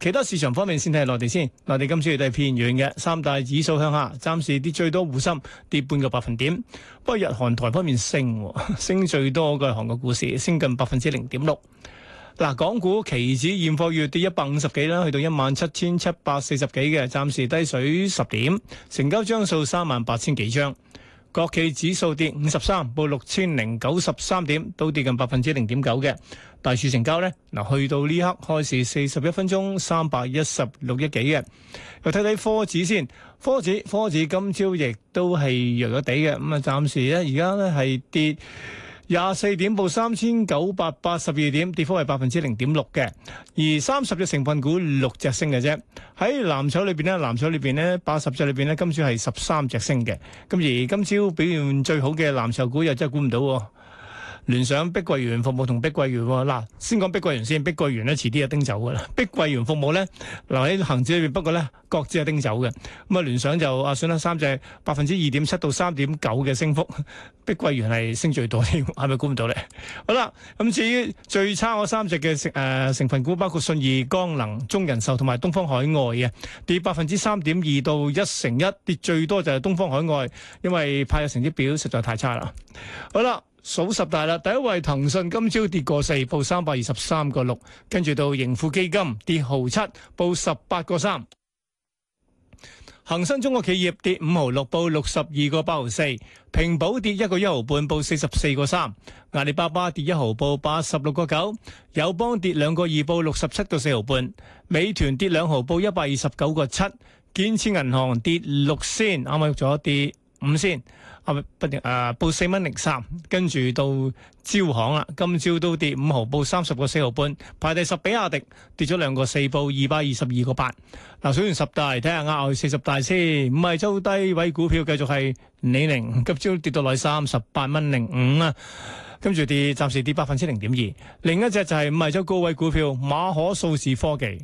其他市場方面，先睇內地先。內地今朝都係偏軟嘅，三大指數向下，暫時跌最多，滬深跌半個百分點。不過日韓台方面升，啊、升最多嘅係韓國股市，升近百分之零點六。嗱、啊，港股期指現貨月跌一百五十幾啦，去到一萬七千七百四十幾嘅，暫時低水十點，成交張數三萬八千幾張。國企指數跌五十三，報六千零九十三點，都跌近百分之零點九嘅。大市成交呢，嗱去到呢刻開市四十一分鐘三百一十六億幾嘅。又睇睇科指先，科指科指今朝亦都係弱咗啲嘅，咁啊暫時呢，而家呢係跌。廿四點，報三千九百八十二點，跌幅係百分之零點六嘅。而三十隻成分股六隻升嘅啫。喺藍籌裏邊呢，藍籌裏邊呢，八十隻裏邊呢，今朝係十三隻升嘅。咁而今朝表現最好嘅藍籌股又真係估唔到喎。聯想、碧桂園服務同碧桂園嗱，先講碧桂園先，碧桂園呢遲啲就釘走噶啦。碧桂園服務咧留喺恒指裏邊，不過呢，各自又釘走嘅。咁啊，聯想就啊，選啦，三隻百分之二點七到三點九嘅升幅，碧桂園係升最多添，係咪估唔到呢？好啦，咁至於最差嗰三隻嘅成誒、呃、成分股，包括信義光能、中人壽同埋東方海外嘅，跌百分之三點二到一成一，跌最多就係東方海外，因為派息成績表實在太差啦。好啦。數十大啦，第一位騰訊今朝跌個四，報三百二十三個六。跟住到盈富基金跌毫七，報十八個三。恒生中國企業跌五毫六，報六十二個八毫四。平保跌一個一毫半，報四十四個三。阿里巴巴跌一毫，報八十六個九。友邦跌兩個二，報六十七個四毫半。美團跌兩毫，報一百二十九個七。建設銀行跌六仙，啱啱咗跌。五先，啊不停，誒，報四蚊零三，跟住到招行啦，今朝都跌五毫，報三十個四毫半，排第十比亞迪跌咗兩個四，報二百二十二個八。嗱，數完十大，睇下額外四十大先，五號周低位股票繼續係李寧，今朝跌到嚟三十八蚊零五啦，跟住跌，暫時跌百分之零點二。另一隻就係五號周高位股票馬可數字科技。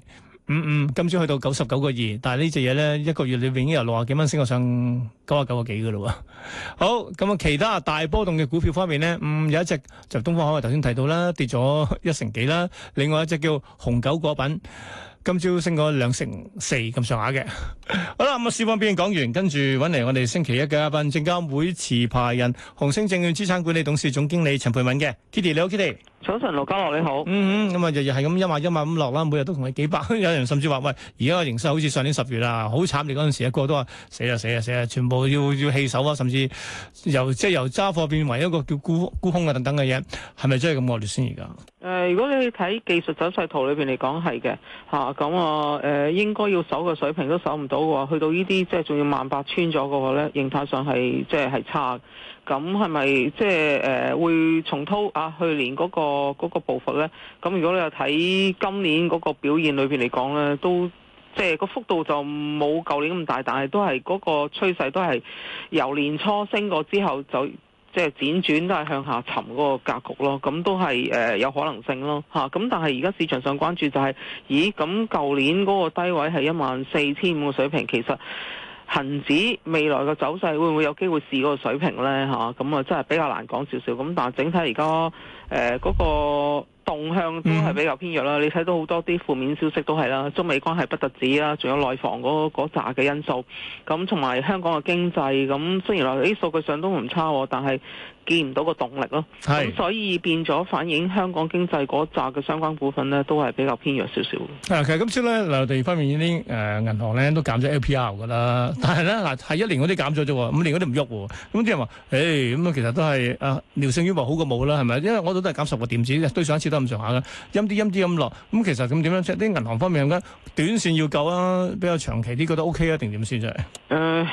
嗯嗯，今朝去到九十九個二，但係呢隻嘢咧，一個月裏面已經由六十幾蚊升到上九啊九個幾嘅咯喎。好，咁、嗯、啊，其他大波動嘅股票方面呢，嗯，有一隻就東方海外，我頭先提到啦，跌咗一成幾啦。另外一隻叫紅九果品，今朝升過兩成四咁上下嘅。好啦，咁啊，市況表現講完，跟住揾嚟我哋星期一嘅嘉賓，證監會持牌人、紅星證券資產管理董事總經理陳佩敏嘅，Kitty 你好，Kitty。早晨，羅家樂你好。嗯嗯，咁啊日日係咁一萬一萬五落啦，每日都同你幾百。 有人甚至話：喂，而家個形勢好似上年十月啦，好慘烈！你嗰陣時啊，一個都話，死啊死啊死啊，全部要要棄守啊，甚至由即係由揸貨變為一個叫沽沽空啊等等嘅嘢，係咪真係咁惡劣先而家？誒、呃，如果你睇技術走勢圖裏邊嚟講係嘅嚇，咁我誒應該要守嘅水平都守唔到喎。去到呢啲即係仲要萬八穿咗嘅喎咧，形態上係即係係差。咁係咪即係誒會重蹈啊？去年嗰個嗰個步伐呢？咁如果你又睇今年嗰個表現裏邊嚟講呢，都即係個幅度就冇舊年咁大，但係都係嗰個趨勢都係由年初升過之後就即係輾轉都係向下沉嗰個格局咯。咁都係誒有可能性咯嚇。咁但係而家市場上關注就係，咦？咁舊年嗰個低位係一萬四千五嘅水平，其實。恒指未來嘅走勢會唔會有機會試嗰個水平呢？嚇、啊，咁啊真係比較難講少少。咁但係整體而家。誒嗰、呃那個動向都係比較偏弱啦，嗯、你睇到好多啲負面消息都係啦，中美關係不特止啦，仲有內房嗰嗰扎嘅因素，咁同埋香港嘅經濟，咁雖然來啲數據上都唔差，但係見唔到個動力咯，咁所以變咗反映香港經濟嗰扎嘅相關股份呢，都係比較偏弱少少。其實今朝咧，內地方面啲誒、呃、銀行咧都減咗 LPR 㗎啦，但係呢，嗱係一年嗰啲減咗啫，五年嗰啲唔喐喎，咁即係話誒咁啊，其實都係啊，聊勝於無好過冇啦，係咪？因為我都係減十個點子，對上一次都咁上下嘅，陰啲陰啲陰落，咁其實咁點樣即係啲銀行方面咧，短綫要夠啊，比較長期啲覺得 O、OK、K 啊，定點算就係。Uh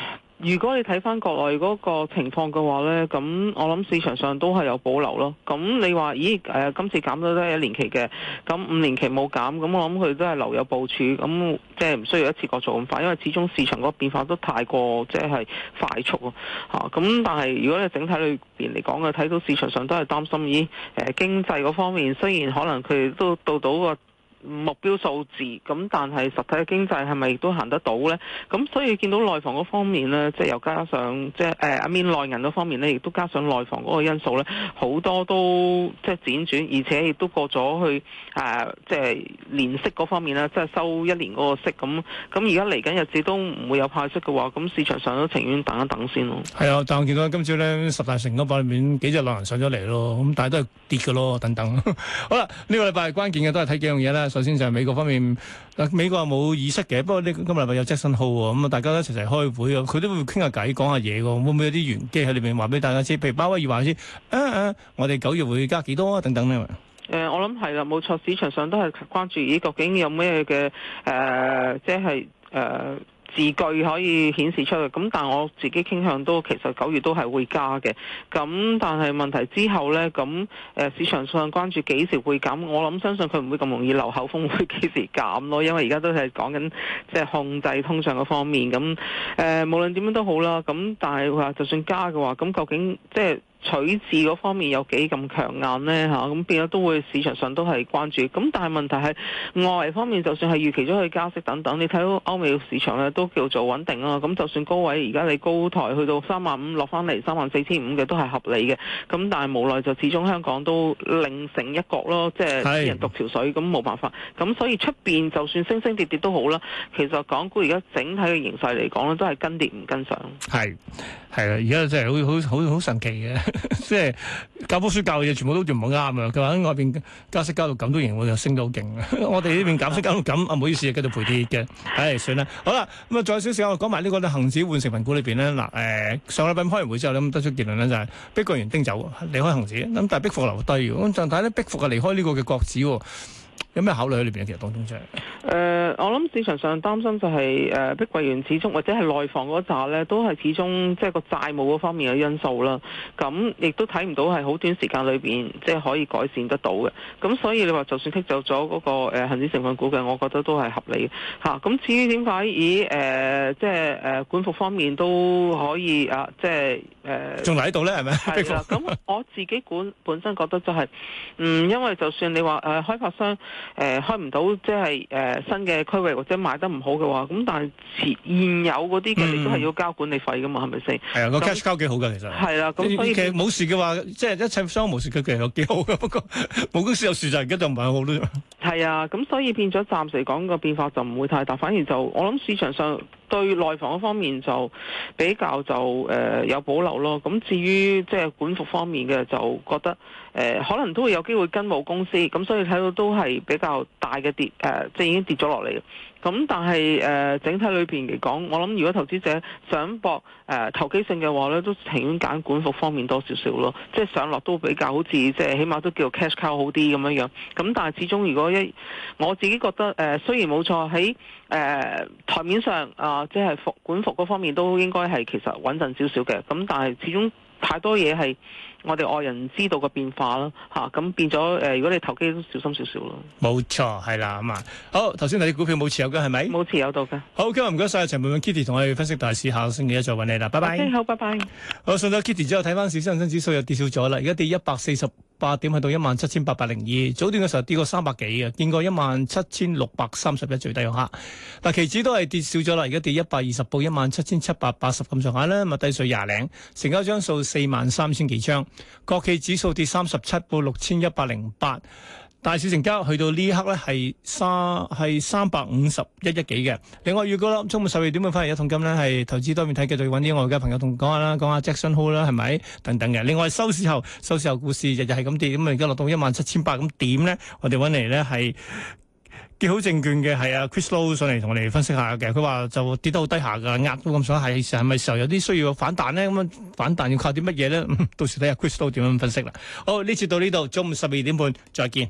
如果你睇翻國內嗰個情況嘅話呢，咁我諗市場上都係有保留咯。咁你話，咦誒、呃，今次減咗都係一年期嘅，咁五年期冇減，咁我諗佢都係留有部署，咁即係唔需要一次過做咁快，因為始終市場個變化都太過即係、就是、快速咯嚇。咁、啊、但係如果你整體裏邊嚟講嘅，睇到市場上都係擔心咦，誒、呃、經濟嗰方面，雖然可能佢都到到個目標數字咁，但係實體嘅經濟係咪亦都行得到咧？咁所以見到內房嗰方面咧，即係又加上即係誒阿面內銀嗰方面咧，亦都加上內房嗰個因素咧，好多都即係輾轉，而且亦都過咗去誒、呃，即係年息嗰方面啦，即係收一年嗰個息咁。咁而家嚟緊日子都唔會有派息嘅話，咁市場上都情願等一等先咯。係啊，但我見到今朝咧，十大成交板入面幾隻內銀上咗嚟咯，咁但係都係跌嘅咯，等等。 好啦，呢、這個禮拜係關鍵嘅，都係睇幾樣嘢啦。首先就係美國方面，嗱，美國係冇意識嘅，不過呢今日咪有 Jackson Hole 喎，咁啊大家一齊齊開會，佢都會傾下偈，講下嘢嘅，會唔會有啲玄機喺裏邊話俾大家知？譬如包威爾話先，誒、啊、誒、啊，我哋九月會加幾多啊？等等呢誒、呃，我諗係啦，冇錯，市場上都係關注依、這個、究竟有咩嘅誒，即係誒。就是呃字句可以顯示出嚟，咁但我自己傾向都其實九月都係會加嘅，咁但係問題之後呢，咁誒市場上關注幾時會減，我諗相信佢唔會咁容易流口風會幾時減咯，因為而家都係講緊即係控制通脹嘅方面，咁誒、呃、無論點樣都好啦，咁但係話就算加嘅話，咁究竟即係。取字嗰方面有幾咁強硬呢？嚇、啊，咁變咗都會市場上都係關注。咁但係問題係外圍方面，就算係預期咗佢加息等等，你睇到歐美市場咧都叫做穩定啊。咁就算高位而家你高台去到三萬五落翻嚟三萬四千五嘅都係合理嘅。咁但係無奈，就始終香港都另成一角咯，即係一人獨條水咁冇辦法。咁是所以出邊就算升升跌跌都好啦。其實港股而家整體嘅形勢嚟講咧，都係跟跌唔跟上。係係啊！而家真係好好好神奇嘅。 即係教科書教嘅嘢，全部都唔部啱啊！佢話喺外邊加息加到咁，都仍然又升到好勁。我哋呢邊減息加到咁，啊唔好意思，繼續賠啲嘅。唉、哎，算啦。好啦，咁啊，再少少，我講埋呢、這個恒指換成份股裏邊咧。嗱，誒，上禮拜開完會之後，咁得出結論咧，就係、是、碧桂園叮走，離開恒指。咁但係碧服留低嘅，咁就睇咧碧服啊離開呢個嘅國指、哦。有咩考慮喺裏邊啊？其實當中即係誒，我諗市場上擔心就係誒碧桂園始終或者係內房嗰紮咧，都係始終即係、就是、個債務嗰方面嘅因素啦。咁亦都睇唔到係好短時間裏邊即係可以改善得到嘅。咁所以你話就算剔走咗嗰個誒恆、呃、指成分股嘅，我覺得都係合理嚇。咁、啊、至於點解咦誒即係誒管服方面都可以啊，即係誒仲喺度咧係咪？係、呃、啦。咁我自己管本身覺得就係、是、嗯，因為就算你話誒、呃、開發商。誒、呃、開唔到，即係誒新嘅區域或者買得唔好嘅話，咁但係現有嗰啲嘅你都係要交管理費㗎嘛，係咪先？係啊的，個 cash 交幾好㗎，其實係啦，咁、嗯、所以冇、嗯、事嘅話，即、就、係、是、一切雙無事嘅其實幾好㗎，不過冇公司有事就而家就唔係好咯。係啊，咁所以變咗暫時嚟講個變化就唔會太大，反而就我諗市場上對內房嗰方面就比較就誒、呃、有保留咯。咁至於即係、就是、管服方面嘅，就覺得。誒、呃、可能都會有機會跟冇公司，咁、嗯、所以睇到都係比較大嘅跌，誒、呃、即係已經跌咗落嚟嘅。咁、嗯、但係誒、呃、整體裏邊嚟講，我諗如果投資者想搏誒、呃、投機性嘅話咧，都情願揀管服方面多少少咯，即係上落都比較好似即係起碼都叫 cash cow 好啲咁樣樣。咁、嗯、但係始終如果一我自己覺得誒、呃、雖然冇錯喺誒台面上啊、呃，即係服管服嗰方面都應該係其實穩陣少少嘅。咁但係始終。太多嘢係我哋外人知道嘅變化啦，嚇、啊、咁變咗誒、呃，如果你投機都小心少少咯。冇錯，係啦咁啊，好頭先你啲股票冇持有嘅係咪？冇持有到嘅。好，咁啊唔該晒，啊陳盤 Kitty 同我哋分析大市，下個星期一再揾你啦，拜拜。Okay，好，拜拜。好，送咗 Kitty 之後，睇返市，恒生指數又跌少咗啦，而家跌一百四十八點，去到一萬七千八百零二，早段嘅時候跌過三百幾嘅，見過一萬七千六百三十一最低嘅嚇。嗱，期指都係跌少咗啦，而家跌一百二十到一萬七千七百八十咁上下啦，物低水廿零，成交張數四萬三千幾張，國企指數跌三十七到六千一百零八。大市成交去到呢刻咧，係三係三百五十一億幾嘅。另外預告啦，中午十二點半翻嚟一桶金咧，係投資多面睇嘅，繼續揾啲外國嘅朋友同講下啦，講下 Jackson Hole 啦，係咪等等嘅？另外收市後，收市後股市日日係咁跌，咁啊而家落到一萬七千八咁點咧？我哋揾嚟咧係結好證券嘅，係啊 Chris Low 上嚟同我哋分析下嘅。佢話就跌得好低下噶，壓到咁上下，係咪時候有啲需要反彈咧？咁樣反彈要靠啲乜嘢咧？到時睇下 Chris Low 點樣分析啦。好，呢次到呢度，中午十二點半再見。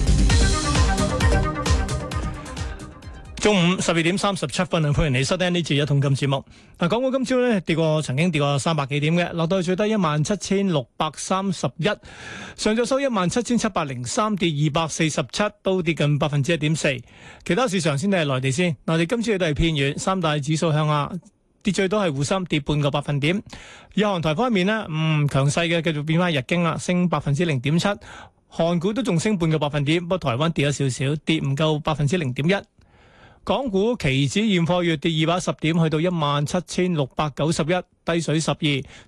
中午十二點三十七分，歡迎你收聽呢次一桶金節目。嗱、啊，港股今朝呢跌過，曾經跌過三百幾點嘅，落到最低一萬七千六百三十一，上晝收一萬七千七百零三，跌二百四十七，都跌近百分之一點四。其他市場先睇內地先嗱，內地今朝都係偏軟，三大指數向下跌最多係滬深跌半個百分點。日韓台方面呢，嗯，強勢嘅繼續變翻，日經啦，升百分之零點七，韓股都仲升半個百分點，不過台灣跌咗少少，跌唔夠百分之零點一。港股期指現貨月跌二百一十點，去到一萬七千六百九十一，低水十二，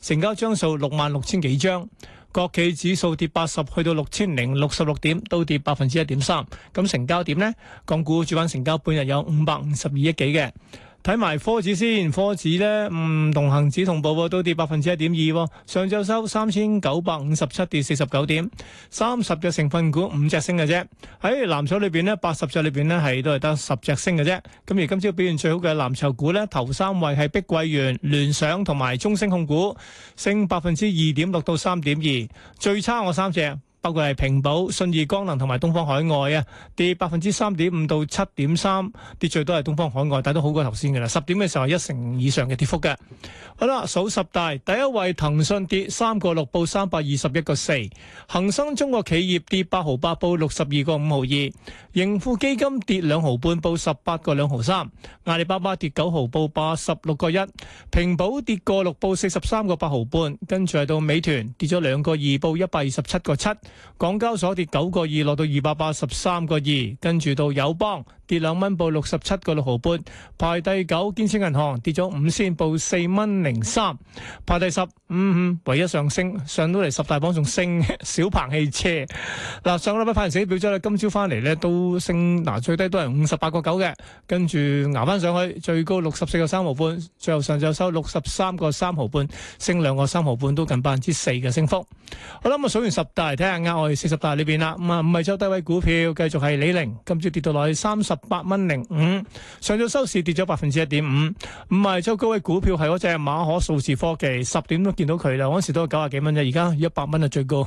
成交張數六萬六千幾張。國企指數跌八十，去到六千零六十六點，都跌百分之一點三。咁成交點呢？港股主板成交半日有五百五十二億幾嘅。睇埋科指先，科指呢唔同恒指同步都跌百分之一點二。上周收三千九百五十七，跌四十九點，三十隻成分股五隻升嘅啫。喺藍籌裏邊呢，八十隻裏邊呢係都係得十隻升嘅啫。咁而今朝表現最好嘅藍籌股呢，頭三位係碧桂園、聯想同埋中升控股，升百分之二點六到三點二，最差我三隻。包括係平保、信義光能同埋東方海外啊，跌百分之三點五到七點三，跌最多係東方海外，但都好過頭先嘅啦。十點嘅時候一成以上嘅跌幅嘅。好啦，數十大第一位，騰訊跌三個六，報三百二十一個四；恒生中國企業跌八毫八，報六十二個五毫二；盈富基金跌兩毫半，報十八個兩毫三；阿里巴巴跌九毫，報八十六個一；平保跌過六，報四十三個八毫半。跟住係到美團跌咗兩個二，報一百二十七個七。港交所跌九個二，落到二百八十三個二，跟住到友邦跌兩蚊，報六十七個六毫半，排第九；建設銀行跌咗五仙，報四蚊零三，排第十。嗯，嗯，唯一上升上到嚟十大榜，仲升小鵬汽車。嗱，上個禮拜反而死表咗啦，今朝翻嚟咧都升，嗱，最低都係五十八個九嘅，跟住捱翻上去，最高六十四個三毫半，最後上晝收六十三個三毫半，升兩個三毫半，都近百分之四嘅升幅。好啦，我、嗯、數完十大，聽下。額外四十大裏邊啦，咁啊唔係周低位股票，繼續係李寧，今朝跌到落去三十八蚊零五，上晝收市跌咗百分之一點五。唔係周高位股票係嗰隻馬可數字科技，十點都見到佢啦，嗰時都九啊幾蚊啫，而家一百蚊係最高。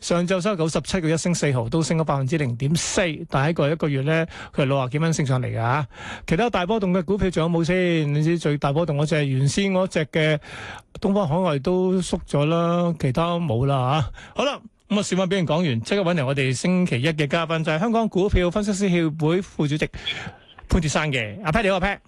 上晝收九十七個一升四毫，都升咗百分之零點四。但係一個一個月咧，佢係六啊幾蚊升上嚟噶吓。其他大波動嘅股票仲有冇先？你知最大波動嗰隻原先嗰隻嘅東方海外都縮咗啦，其他冇啦吓。好啦。咁啊，小文俾人講完，即刻揾嚟我哋星期一嘅嘉賓，就係、是、香港股票分析師協會副主席潘鐵珊嘅。阿 Pat，你好阿 Pat。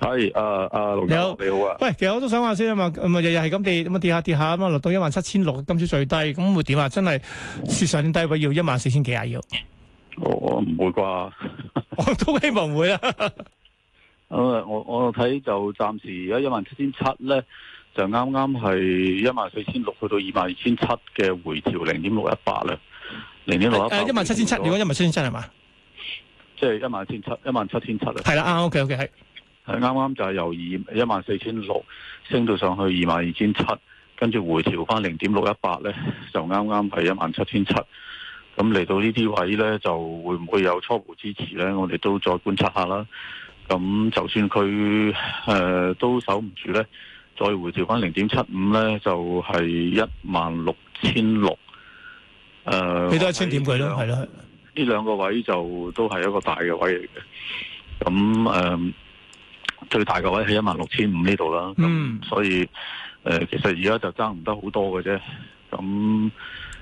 係，誒誒，你好，Hi, uh, uh, 你好啊。喂，其實我都想話先啊嘛，咁日日係咁跌，咁啊跌下跌下咁啊，落到一萬七千六，今朝最低，咁會點啊？真係市場低位要一萬四千幾啊要？我唔不會啩 ，我都希望唔會啦 咁我我睇就暫時而家一萬七千七咧。就啱啱係一萬四千六去到二萬二千七嘅回調零點六一八啦，零點六一八。誒一萬七千七，如果一萬七千七係嘛？即係一萬七千七，一萬七千七啊！係啦吧，啱。OK，OK，係，係啱啱就係由二一萬四千六升到上去二萬二千七，跟住回調翻零點六一八咧，就啱啱係一萬七千七。咁嚟到呢啲位咧，就會唔會有初步支持咧？我哋都再觀察下啦。咁就算佢誒、呃、都守唔住咧。再回調翻零點七五咧，就係一萬六千六。誒，幾多千點佢咯？係咯，呢兩個位就都係一個大嘅位嚟嘅。咁誒、呃，最大嘅位喺一萬六千五呢度啦。咁、嗯、所以誒、呃，其實而家就爭唔得好多嘅啫。咁誒、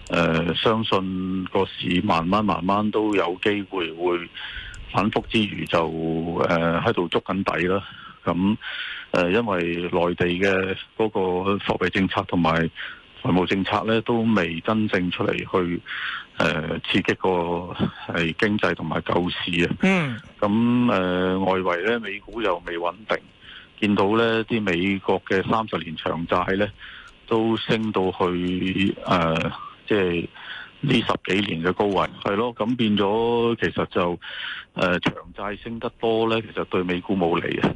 呃，相信個市慢慢慢慢都有機會會反覆之餘，就誒喺度捉緊底啦。咁誒，因為內地嘅嗰個貨幣政策同埋財務政策咧，都未真正出嚟去誒刺激過係經濟同埋救市啊。嗯。咁誒、嗯、外圍咧，美股又未穩定，見到咧啲美國嘅三十年長債咧都升到去誒、呃、即係呢十幾年嘅高位。係咯，咁變咗其實就誒、呃、長債升得多咧，其實對美股冇利啊。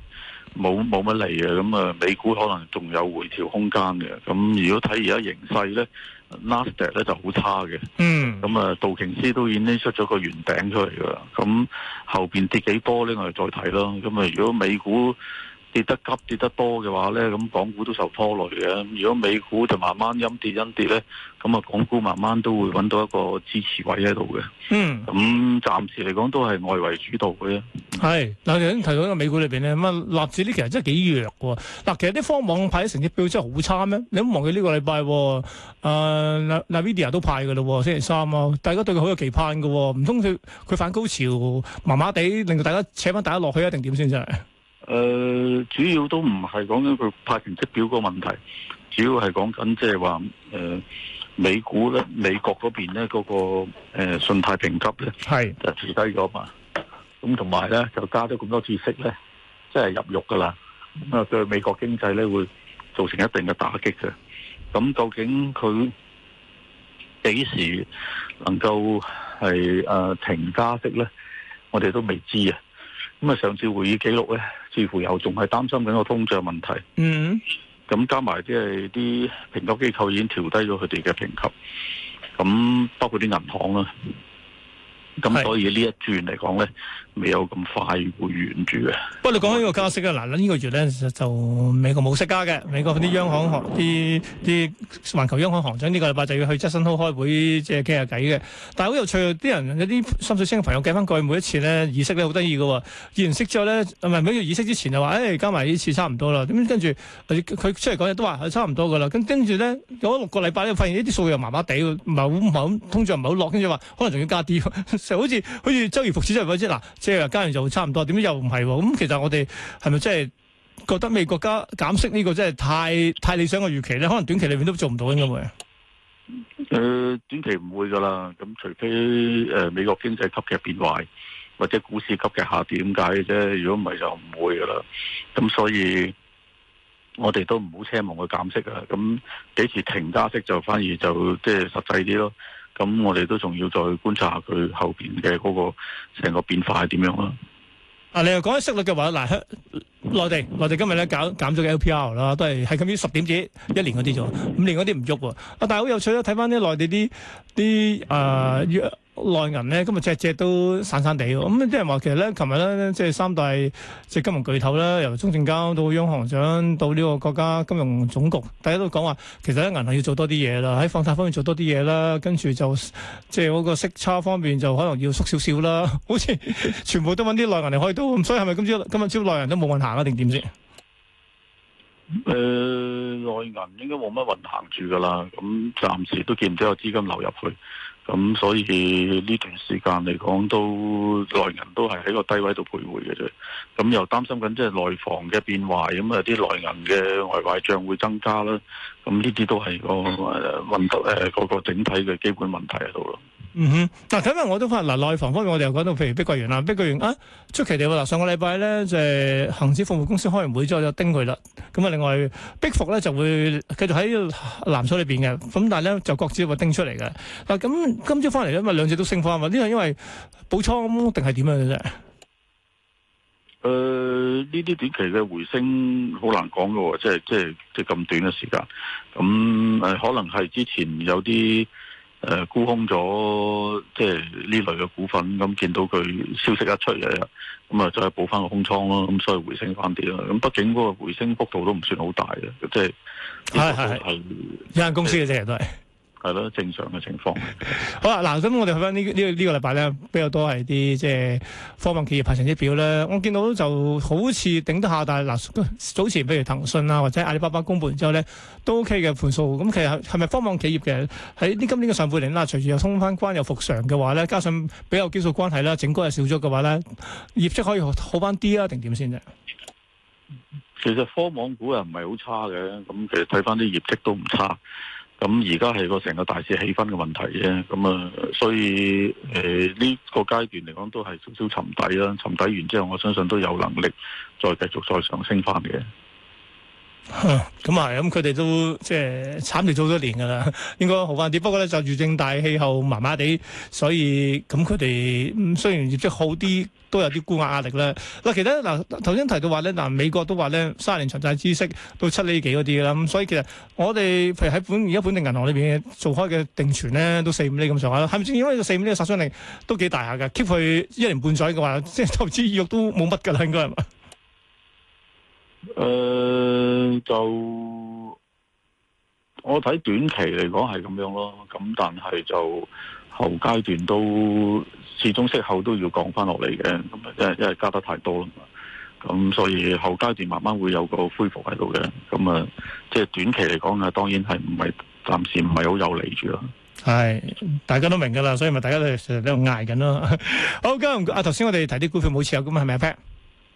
冇冇乜嚟嘅，咁啊、嗯、美股可能仲有回調空間嘅。咁如果睇而家形勢呢 Nasdaq 呢就好差嘅。嗯。咁啊、嗯，道瓊斯都已經出咗個圓頂出嚟噶。咁、嗯、後邊跌幾多呢，我哋再睇咯。咁啊，如果美股，跌得急跌得多嘅話咧，咁港股都受拖累嘅。如果美股就慢慢陰跌陰跌咧，咁啊港股慢慢都會揾到一個支持位喺度嘅。嗯，咁暫時嚟講都係外圍主導嘅。係嗱，頭先提到咧，美股裏邊咧乜納指呢其實真係幾弱喎。嗱，其實啲方網派成績表真係好差咩？你唔忘記呢個禮拜喎，呃，Nvidia 都派嘅啦，星期三啊，大家對佢好有期盼嘅。唔通佢佢反高潮麻麻地，令到大家扯翻大家落去一定點先真係？誒、呃，主要都唔係講緊佢派成績表個問題，主要係講緊即係話誒，美股咧，美國嗰邊咧嗰個誒、呃、信貸評級咧，係是就跌低咗嘛。咁同埋咧就加咗咁多次息咧，即係入肉噶啦。咁啊，對美國經濟咧會造成一定嘅打擊嘅。咁究竟佢幾時能夠係誒停加息咧？我哋都未知啊。咁啊，上次會議記錄咧。似乎又仲係擔心緊個通脹問題，咁、mm. 加埋即係啲評級機構已經調低咗佢哋嘅評級，咁包括啲銀行啦。咁、嗯、所以呢一轉嚟講咧，未有咁快會完住嘅。不過是、嗯、你講起呢個加息咧，嗱呢、這個月咧就美國冇息加嘅。美國啲央行行啲啲環球央行行長呢個禮拜就要去質詢會開會，即係傾下偈嘅。但係好有趣啊！啲人啲深水清嘅朋友計翻去，每一次咧議息咧好得意嘅喎。議完息之後咧，唔係每月議息之前就話，誒、哎、加埋呢次差唔多啦。點跟住佢、啊、出嚟講嘢都話係、啊、差唔多嘅啦。咁跟住咧有六個禮拜咧，發現呢啲數又麻麻地，唔係好唔係咁通脹唔係好落，跟住話可能仲要加啲。 就好似好似周而復始即係嗰啲，嗱即係加完就差唔多，點解又唔係？咁、嗯、其實我哋係咪真係覺得美國家減息呢個真係太太理想嘅預期咧？可能短期裏面都做唔到應該會。誒、呃，短期唔會噶啦，咁除非誒、呃、美國經濟急劇變壞，或者股市急劇下跌咁解嘅啫。如果唔係就唔會噶啦。咁所以我哋都唔好奢望佢減息啊。咁幾時停加息就反而就即係實際啲咯。咁我哋都仲要再觀察下佢後邊嘅嗰個成個變化係點樣啦。啊，你又講起息率嘅話，嗱，內地內地今日咧減減咗嘅 LPR 啦，都係係咁於十點子，一年嗰啲咗，五年嗰啲唔喐喎。啊，但係好有趣咯，睇翻啲內地啲啲誒內銀咧今日隻只都散散地，咁、嗯、啲人話其實咧，琴日咧，即係三大即係金融巨頭啦，由中證交到央行長到呢個國家金融總局，大家都講話，其實咧銀行要做多啲嘢啦，喺放貸方面做多啲嘢啦，跟住就即係嗰個息差方面就可能要縮少少啦，好似全部都揾啲內銀嚟開刀，咁所以係咪今朝今日朝內銀都冇運行啊？定點先？誒、呃，內銀應該冇乜運行住噶啦，咁暫時都見唔到有資金流入去。咁所以呢段時間嚟講都內銀都係喺個低位度徘徊嘅啫。咁又擔心緊即係內房嘅變壞，咁啊啲內銀嘅外壞賬會增加啦。咁呢啲都係個問得誒個整體嘅基本問題喺度咯。嗯哼，嗱，今日我都翻嗱，內房方面我哋又講到，譬如碧桂園啦，碧桂園啊，出奇地喎，嗱，上個禮拜咧就係恒指服務公司開完會之後就叮佢啦，咁啊，另外，碧服咧就會繼續喺藍籌裏邊嘅，咁但係咧就各自會叮出嚟嘅，嗱，咁今朝翻嚟咧，咁啊，兩隻都升翻，咁呢個因為補倉定係點樣嘅啫？誒，呢啲短期嘅回升好難講嘅，即係即係即係咁短嘅時間，咁誒，可能係之前有啲。誒、呃，沽空咗即係呢類嘅股份，咁、嗯、見到佢消息一出嚟，咁、嗯、啊再補翻個空倉咯，咁、嗯、所以回升翻啲啦。咁、嗯、畢竟嗰個回升幅度都唔算好大嘅，即係係係係一間公司嘅啫，都係。係咯，正常嘅情況。 好啦，嗱，咁我哋去翻呢呢個呢、這個禮拜咧，比較多係啲即係科網企業派成績表咧。我見到就好似頂得下，但係嗱、呃、早前，譬如騰訊啊或者阿里巴巴公佈完之後咧，都 OK 嘅盤數。咁、嗯、其實係咪科網企業嘅喺呢今年嘅上半年啦，隨住又通翻關又復常嘅話咧，加上比較基數關係啦，整個係少咗嘅話咧，業績可以好翻啲啊？定點先啫？其實科網股又唔係好差嘅，咁其實睇翻啲業績都唔差。咁而家係個成個大市氣氛嘅問題啫，咁啊，所以誒呢個階段嚟講都係少少沉底啦，沉底完之後，我相信都有能力再繼續再上升返嘅。咁啊咁佢哋都即係慘地做咗年噶啦，應該好翻啲。不過咧就住正大氣候麻麻地，所以咁佢哋雖然業績好啲，都有啲沽壓壓力啦。嗱，其實嗱，頭先提到話咧，嗱，美國都話咧三年長債孳息到七厘幾嗰啲啦，咁所以其實我哋譬如喺本而家本地銀行呢邊做開嘅定存咧，都四五厘咁上下啦，係咪先？因為四五厘殺傷力都幾大下嘅，keep 佢一年半載嘅話，即係投資意欲都冇乜噶啦，應該係嘛？誒、呃，就我睇短期嚟講係咁樣咯，咁但係就後階段都始終息口都要降翻落嚟嘅。咁啊，即係因為加得太多啦嘛，咁所以後階段慢慢會有個恢復喺度嘅。咁啊，即係短期嚟講啊，當然係唔係暫時唔係好有利住咯。係，大家都明噶啦，所以咪大家都係成日喺度挨緊咯。好，今日啊，頭先我哋提啲股票冇持有，咁係咪啊 Pat？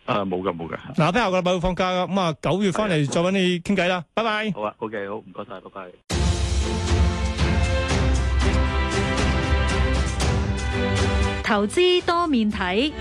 誒，冇噶冇噶。嗱，聽下個禮拜會放假噶，咁啊九月翻嚟再揾你傾偈啦，拜拜。好啊，好嘅，好，唔該晒，拜拜。投資多面睇。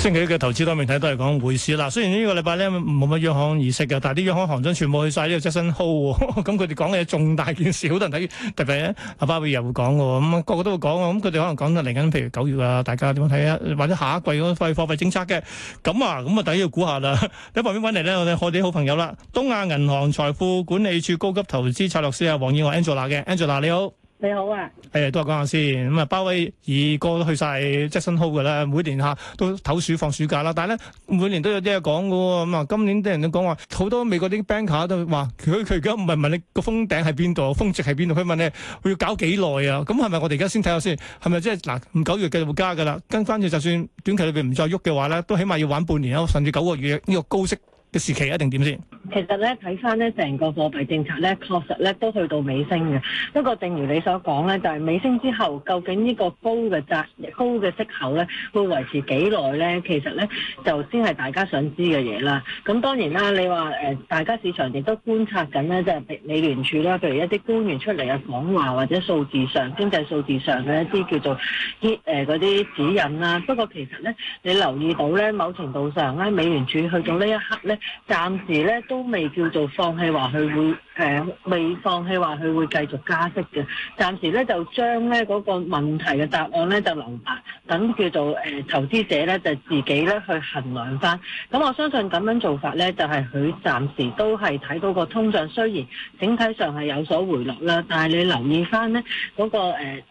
星期一嘅投資方面睇都係講匯市啦。雖然呢個禮拜咧冇乜央行議息嘅，但係啲央行行長全部去晒呢度，Jackson Hole 喎。咁佢哋講嘅嘢重大件事好多人睇，特別阿巴比又會講喎。咁、嗯、個個都會講喎。咁佢哋可能講緊嚟緊，譬如九月啊，大家點樣睇啊？或者下一季嗰個費貨幣政策嘅咁啊。咁啊，大家要估下啦。第一方面揾嚟咧，我哋我哋好朋友啦，東亞銀行財富管理處高級投資策略師啊，黃燕華 Angela 嘅 Angela 你好。你好啊，誒、都話講下先咁啊。鮑威爾哥都去晒即 Jackson Hole 噶啦，每年吓都唞暑放暑假啦。但係咧，每年都有啲嘢講噶咁啊。今年啲人都講話好多美國啲 banker 都話佢佢而家唔係問你個峰頂喺邊度，峰值喺邊度，佢問你要搞幾耐啊？咁係咪我哋而家先睇下先係咪？即係嗱，唔、啊、九月繼續會加噶啦。跟翻住就算短期裏邊唔再喐嘅話咧，都起碼要玩半年啊，甚至九個月呢、這個高息。嘅時期一定點先？其實咧，睇返咧，成個貨幣政策咧，確實咧都去到尾聲嘅。不過，正如你所講咧，就係、是、尾聲之後，究竟呢個高嘅質、高嘅息口咧，會維持幾耐咧？其實咧，就先係大家想知嘅嘢啦。咁當然啦，你話誒、呃，大家市場亦都觀察緊咧，即、就、係、是、美聯儲啦，譬如一啲官員出嚟嘅講話，或者數字上經濟數字上嘅一啲叫做啲誒嗰啲指引啦、啊。不過其實咧，你留意到咧，某程度上咧，美聯儲去到呢一刻咧。暫時咧都未叫做放棄，話佢會誒、呃、未放棄話佢會繼續加息嘅。暫時咧就將咧嗰、那個問題嘅答案咧就留白，等叫做誒、呃、投資者咧就自己咧去衡量翻。咁我相信咁樣做法咧就係、是、佢暫時都係睇到個通脹，雖然整體上係有所回落啦，但係你留意翻咧嗰個、呃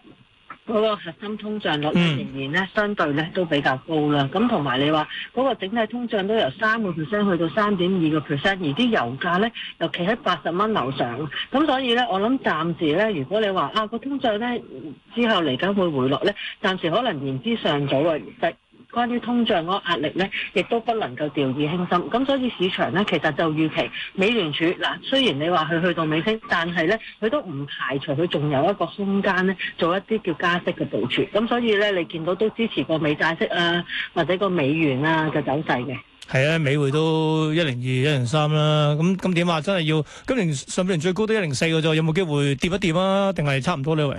嗰個核心通脹率仍然年咧，相對咧都比較高啦。咁同埋你話嗰、嗰個整體通脹都由三個 percent 去到三點二個 percent，而啲油價咧尤其喺八十蚊樓上，咁所以咧我諗暫時咧，如果你話啊、嗰個通脹咧之後嚟緊會回落咧，暫時可能言之尚早嘅形關於通脹嗰個壓力咧，亦都不能夠掉以輕心。咁所以市場咧，其實就預期美聯儲嗱，雖然你話佢去到尾聲，但係咧，佢都唔排除佢仲有一個空間咧，做一啲叫加息嘅部署。咁所以咧，你見到都支持個美債息啊，或者個美元啊嘅走勢嘅。係啊，美匯都一零二、一零三啦。咁咁點啊？真係要今年上半年最高都一零四個咋，有冇機會跌一跌啊？定係差唔多呢位？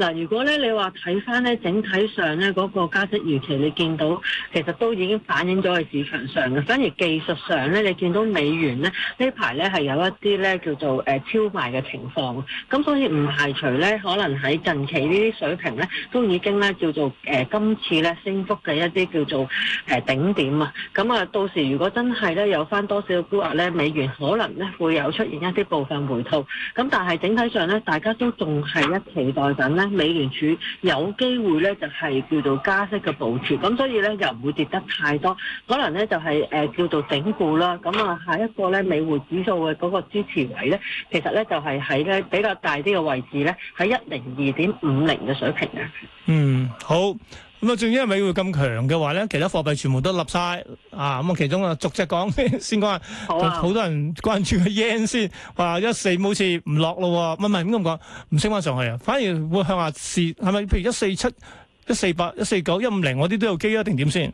嗱，如果咧你話睇翻咧整體上咧嗰個加息預期，你見到其實都已經反映咗喺市場上嘅。反而技術上咧，你見到美元咧呢排咧係有一啲咧叫做誒超賣嘅情況。咁所以唔排除咧，可能喺近期呢啲水平咧都已經咧叫做誒今次咧升幅嘅一啲叫做誒頂點啊。咁啊，到時如果真係咧有翻多少嘅沽壓咧，美元可能咧會有出現一啲部分回吐。咁但係整體上咧，大家都仲係一期待緊咧。美聯儲有機會咧，就係叫做加息嘅部署，咁所以咧又唔會跌得太多，可能咧就係誒叫做整固啦。咁啊，下一個咧美匯指數嘅嗰個支持位咧，其實咧就係喺咧比較大啲嘅位置咧，喺一零二點五零嘅水平啊。嗯，好。咁啊，仲因美匯咁強嘅話咧，其他貨幣全部都立晒。啊！咁啊，其中啊逐隻講 先講下。好多人關注個 yen 先，話一四五好似唔落咯喎，唔係唔係咁講，唔升返上去啊，反而會向下是係咪？譬如一四七、一四八、一四九、一五零，我啲都有機啊，定點先？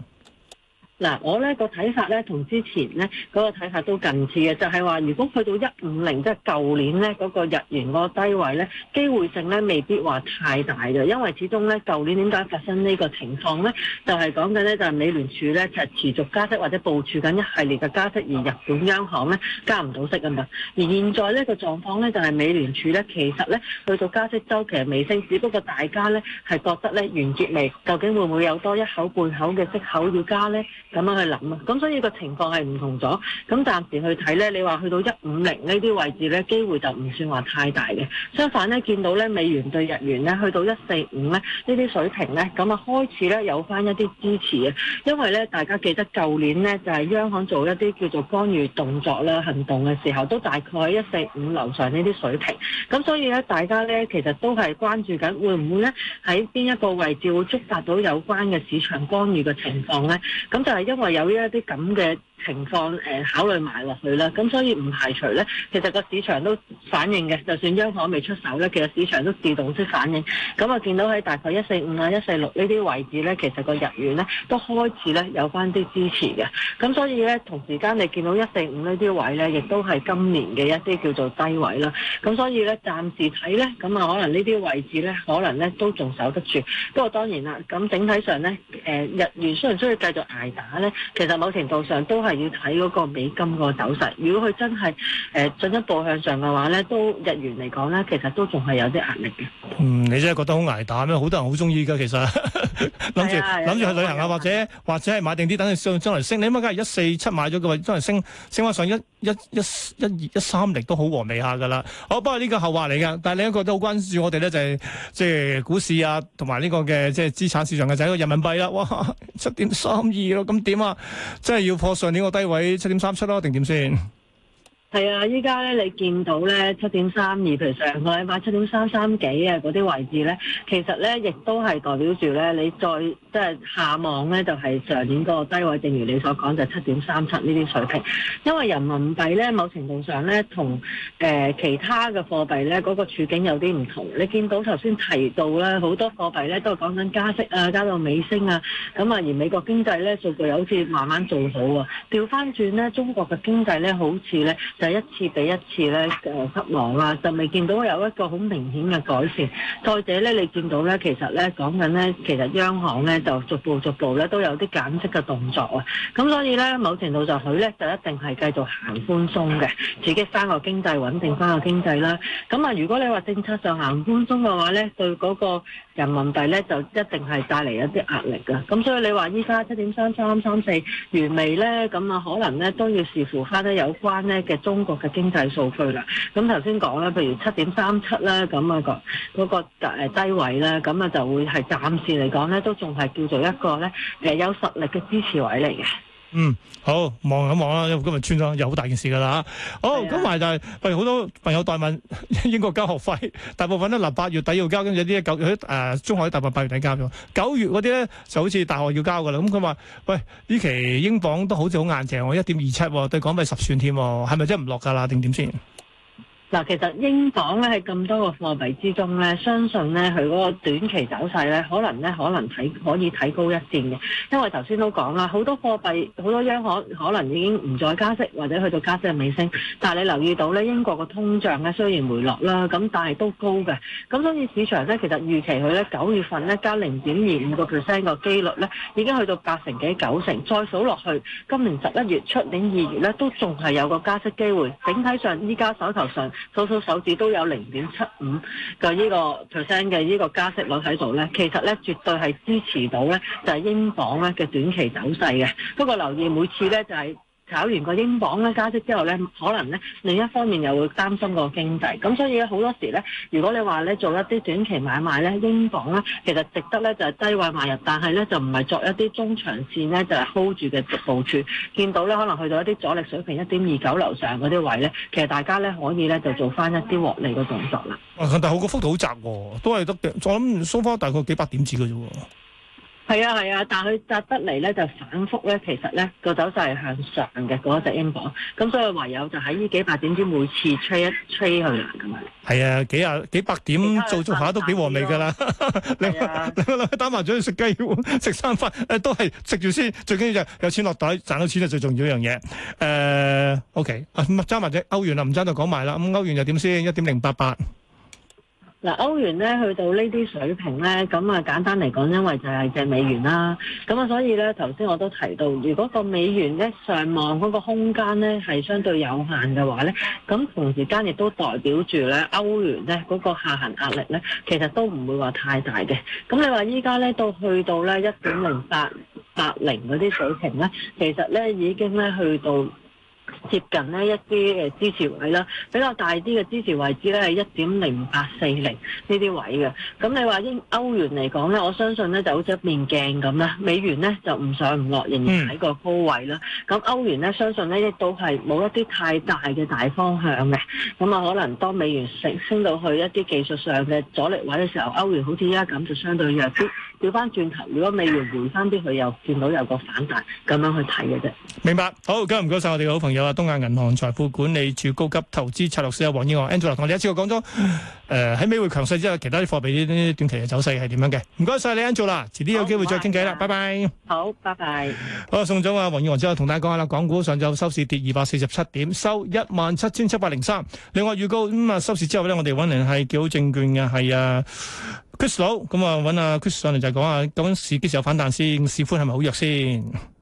嗱，我呢個睇法呢，同之前呢嗰個睇法都近似嘅，就係話如果去到一五零即係舊年呢嗰個日元嗰個低位呢，機會性呢未必話太大嘅，因為始終呢，舊年點解發生呢個情況呢，就係講緊呢，就係美聯儲呢，就係持續加息或者部署緊一系列嘅加息，而日本央行呢，加唔到息啊嘛。而現在呢個狀況呢，就係美聯儲呢，其實呢，去到加息週期係尾聲，只不過大家呢，係覺得呢，完結未，究竟會唔會有多一口半口嘅息口要加呢？咁樣去諗啊，咁所以個情況係唔同咗。咁暫時去睇呢，你話去到一五零呢啲位置呢，機會就唔算話太大嘅。相反呢，見到呢美元對日元呢，去到一四五呢呢啲水平呢，咁啊開始呢有翻一啲支持啊。因為呢，大家記得舊年呢，就係央行做一啲叫做干預動作啦、行動嘅時候，都大概喺一四五樓上呢啲水平。咁所以呢，大家呢其實都係關注緊，會唔會呢喺邊一個位置會觸發到有關嘅市場干預嘅情況呢。咁就。係因為有一啲咁嘅。情況誒考慮埋落去啦，咁所以唔排除呢，其實個市場都反應嘅。就算央行未出手呢，其實市場都自動式反應。咁啊，見到喺大概一四五啊、一四六呢啲位置呢，其實個日元呢都開始呢有翻啲支持嘅。咁所以呢，同時間你見到一四五呢啲位呢，亦都係今年嘅一啲叫做低位啦。咁所以呢，暫時睇呢，咁啊可能呢啲位置呢，可能呢都仲守得住。不過當然啦，咁整體上呢，誒日元雖然需要繼續捱打呢，其實某程度上都。都係要睇嗰個美金個走勢。如果佢真係誒進一步向上嘅話咧，都日元嚟講咧，其實都仲係有啲壓力嘅。嗯，你真係覺得好捱打咩？好多人好中意噶，其實諗住諗住去旅行啊，或者、啊、或者係買定啲，等佢上將來升。你啱啱而家一四七買咗嘅話，將來升升翻上一一一一二一三零都好和美下噶啦。好，不過呢個後話嚟噶。但係另一個都好關注我哋咧，就係、是、即係股市啊，同埋呢個嘅即係資產市場嘅就係、是、個人民幣啦。哇，七點三二咯，咁點啊？即係要破上。呢個低位七點三七咯，定點先？係啊，依家咧你見到咧七點三二，譬如上個禮拜七點三三幾啊嗰啲位置咧，其實咧亦都係代表住咧你再即係下望咧，就係上年嗰個低位，正如你所講就七點三七呢啲水平。因為人民幣咧某程度上咧同誒其他嘅貨幣咧嗰個處境有啲唔同。你見到頭先提到咧好多貨幣咧都係講緊加息啊，加到尾聲啊，咁啊而美國經濟咧數據好似慢慢做好喎。調翻轉咧中國嘅經濟咧好似咧。一次比一次咧誒失望啦，就未見到有一個好明顯嘅改善。再者咧，你見到咧，其實咧講緊咧，其實央行咧就逐步逐步咧都有啲減息嘅動作啊。咁所以咧，某程度就佢咧就一定係繼續行寬鬆嘅，刺激翻個經濟，穩定翻個經濟啦。咁啊，如果你話政策上行寬鬆嘅話咧，對嗰個人民幣咧就一定係帶嚟一啲壓力嘅，咁所以你話依家七點三三三四餘味咧，咁啊可能咧都要視乎下有關咧嘅中國嘅經濟數據啦。咁頭先講咧，譬如七點三七啦，咁啊個嗰個低位咧，咁啊就會係暫時嚟講咧都仲係叫做一個咧誒有實力嘅支持位嚟嘅。嗯，好望一望啦，因為今日穿咗有好大件事噶啦嚇。好，咁埋、啊、就係、是，譬如好多朋友代問英國交學費，大部分都立八月底要交，跟住啲九誒中學啲大伯八月底交咗，九月嗰啲咧就好似大學要交噶啦。咁佢話：喂，呢期英鎊都好似好硬淨，我一點二七對港幣十算添、哦，係咪真係唔落噶啦？定點先？嗱，其實英鎊咧喺咁多個貨幣之中咧，相信咧佢嗰個短期走勢咧，可能咧可能睇可以睇高一線嘅，因為頭先都講啦，好多貨幣好多央行可能已經唔再加息或者去到加息嘅尾聲，但係你留意到咧英國嘅通脹咧雖然回落啦，咁但係都高嘅，咁所以市場咧其實預期佢咧九月份咧加零點二五個 percent 個機率咧已經去到八成幾九成，再數落去今年十一月、出年二月咧都仲係有個加息機會，整體上依家手頭上。數數手指都有零點七五嘅呢個 percent 嘅呢個加息率喺度咧，其實咧絕對係支持到咧就係、是、英鎊咧嘅短期走勢嘅。不過留意每次咧就係、是。炒完個英鎊咧加息之後咧，可能咧另一方面又會擔心個經濟，咁所以咧好多時咧，如果你話咧做一啲短期買賣咧，英鎊咧其實值得咧就係低位買入，但係咧就唔係作一啲中長線咧就係 hold 住嘅部署。見到咧可能去到一啲阻力水平一點二九樓上嗰啲位咧，其實大家咧可以咧就做翻一啲獲利嘅動作啦。但係好個幅度好窄喎、哦，都係得，我諗 so far 大概幾百點子嘅啫喎。係啊係啊，但係佢扎得嚟咧就反覆咧，其實咧個走勢係向上嘅嗰隻英鎊，咁、那個、所以唯有就喺呢幾百點之每次吹一吹去咁。係啊，幾啊幾百點做做下都幾和味㗎啦，嚟嚟打麻雀食雞碗食三分，誒都係食住先，最緊要就有錢落袋，賺到錢係最重要一樣嘢。誒、uh，OK，唔揸麻雀，歐元啦唔揸就講埋啦。咁歐元又點先？一點零八八。嗱，歐元咧去到呢啲水平咧，咁啊簡單嚟講，因為就係隻美元啦，咁啊所以咧頭先我都提到，如果個美元咧上望嗰個空間咧係相對有限嘅話咧，咁同時間亦都代表住咧歐元咧嗰個下行壓力咧，其實都唔會話太大嘅。咁你話依家咧到去到咧一點零八八零嗰啲水平咧，其實咧已經咧去到。接近呢一啲誒支持位啦，比較大啲嘅支持位置咧係一點零八四零呢啲位嘅。咁你話英歐元嚟講咧，我相信咧就好似一面鏡咁啦，美元咧就唔上唔落，仍然喺個高位啦。咁、嗯、歐元咧，相信咧亦都係冇一啲太大嘅大方向嘅。咁啊，可能當美元升升到去一啲技術上嘅阻力位嘅時候，歐元好似而家咁就相對弱啲。調翻轉頭，如果美元緩翻啲，佢又見到有個反彈，咁樣去睇嘅啫。明白，好，今日唔該晒我哋嘅好朋友啊，東亞銀行財富管理處高級投資策劃師阿黃燕華 Andrew，同我哋一次過講咗，誒、呃、喺美匯強勢之後，其他啲貨幣呢啲短期嘅走勢係點樣嘅？唔該晒你 Angel 啦，遲啲有機會再傾偈啦，拜拜。好，拜拜。好，送咗啊，黃燕華之後同大家講下啦，港股上晝收市跌二百四十七點，收一萬七千七百零三，另外預告咁啊、嗯、收市之後呢，我哋揾嚟係幾好證券嘅，係啊。Chris 佬，咁啊，揾阿 Chris 上嚟就講啊，講究竟市幾時有反彈先，市況係咪好弱先？